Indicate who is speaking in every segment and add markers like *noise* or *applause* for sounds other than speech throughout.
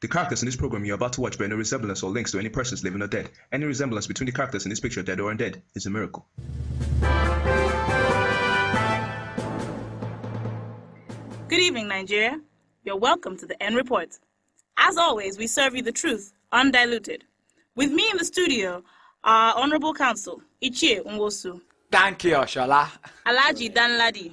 Speaker 1: The characters in this program you are about to watch bear no resemblance or links to any persons living or dead. Any resemblance between the characters in this picture, dead or undead, is a miracle.
Speaker 2: Good evening, Nigeria. You're welcome to the End Report. As always, we serve you the truth, undiluted. With me in the studio are Honorable Counsel Ichie Unwosu.
Speaker 1: Thank you, Shola.
Speaker 2: Alaji Danladi.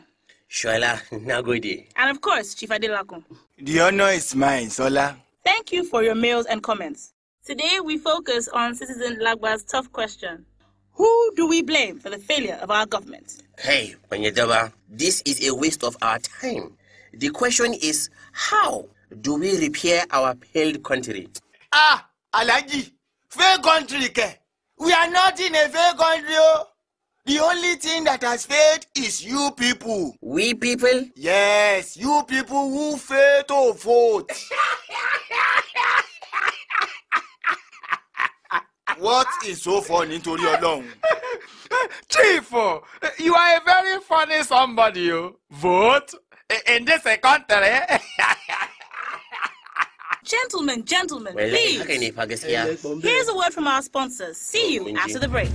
Speaker 1: Shola Nagodi.
Speaker 2: And of course, Chief Adelakun.
Speaker 1: The honor is mine, Sola.
Speaker 2: Thank you for your mails and comments. Today we focus on Citizen Lagba's tough question. Who do we blame for the failure of our government?
Speaker 1: Hey, Panyedaba, this is a waste of our time. The question is, how do we repair our failed country? Ah, Alagi, failed country, ke. we are not in a failed country. Oh. The only thing that has failed is you people. We people? Yes, you people who fail to vote. *laughs* What is so funny to you alone, Chief, oh, you are a very funny
Speaker 2: somebody o. Oh. Vote in this country. Eh? *laughs* Gentlemen, gentlemen, please. Here's a word from our sponsors. See you after the break.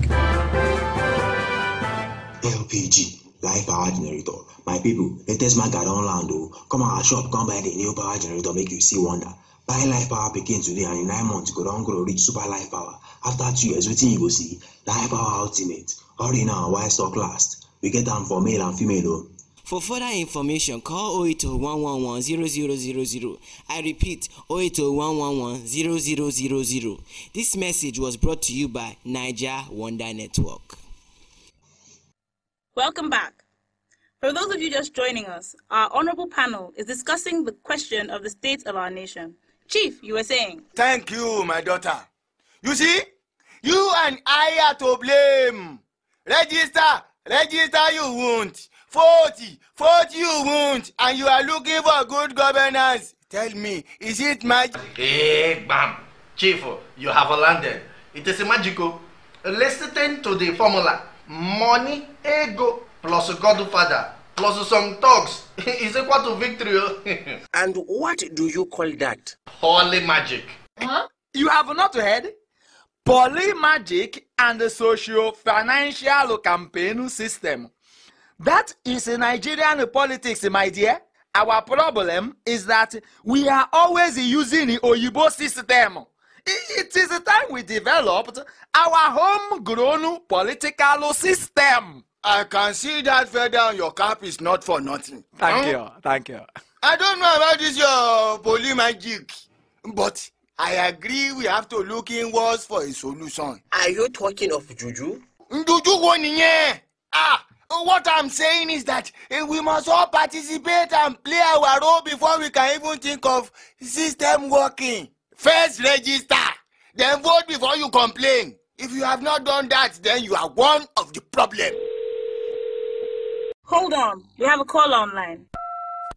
Speaker 1: LPG, life power generator. My people, latest market on land o. Oh. Come our shop, come buy the new power generator, make you see wonder. Buy life power begins today and in nine months go down grow reach super life power. After two years, wetin you go see? Life our ultimate. Hurry now, why stock last? We get them for male and female though. For further information, call 080111000. I repeat, 080111000. This message was brought to you by
Speaker 2: Niger Wonder Network. Welcome back. For those of you just joining us, our honorable panel is discussing the question of the state of our nation. Chief, you were saying.
Speaker 1: Thank you, my daughter. You see, you and I are to blame. Register, register you won't. Forty, forty you won't. And you are looking for good governance. Tell me, is it magic? Hey, eh, bam. Chief, you have landed. It is magical. Listen to the formula. Money, ego, plus Godfather, plus some talks *laughs* is equal to victory. Oh. *laughs* and what do you call that? Holy magic. Huh? You have not heard? polymagic and socio-financial campaign system. That is Nigerian politics, my dear. Our problem is that we are always using the Oyibo system. It is time we developed our homegrown political system. I can see that feather on your cap is not for nothing. Thank hmm? you, thank you. I don't know about this your polymagic, but I agree we have to look inwards for a solution. Are you talking of juju? Njuju wo nìyẹn? Ah! What I'm saying is that eh, we must all participate and play our role before we can even think of system working. First register, then vote before you complain.
Speaker 2: If you have not done that, then you are one of the problem. Hold on, we have a call online.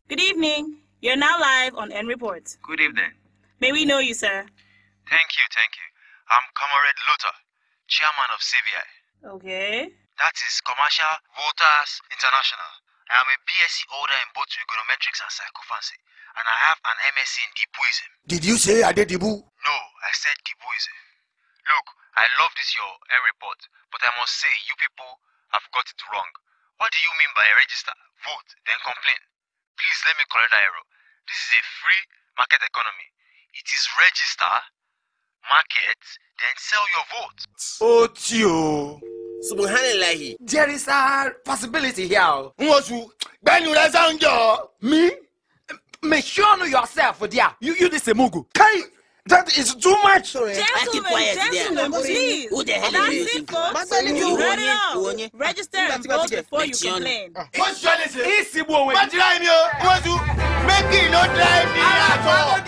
Speaker 2: Good evening. You're now live on N Report. Good evening. May we know you, sir?
Speaker 1: Thank you, thank you. I'm Comrade Luther, Chairman of CVI. Okay. That is Commercial Voters International. I am a BSc holder in both trigonometrics and psychophancy, and I have an MSc in Dibuism. Did you say I did Dibu? No, I said Dibuism. Look, I love this your air report, but I must say you people have got it wrong. What do you mean by register, vote, then complain? Please let me correct that error. This is a free market economy. It is register, market, then sell your vote. Ó tí o. Subhanallah. There is a possibility here. N oṣù gbẹ́nu rẹ sáńjọ. Me? sure yourself there. You, you this emugu. Kai, that is too much. Gentleman, I keep please. Who the hell That's is it, folks. You ready up. Register and vote before you complain. What's your name? Isibu Owen. What did I know? Make it not drive me at all.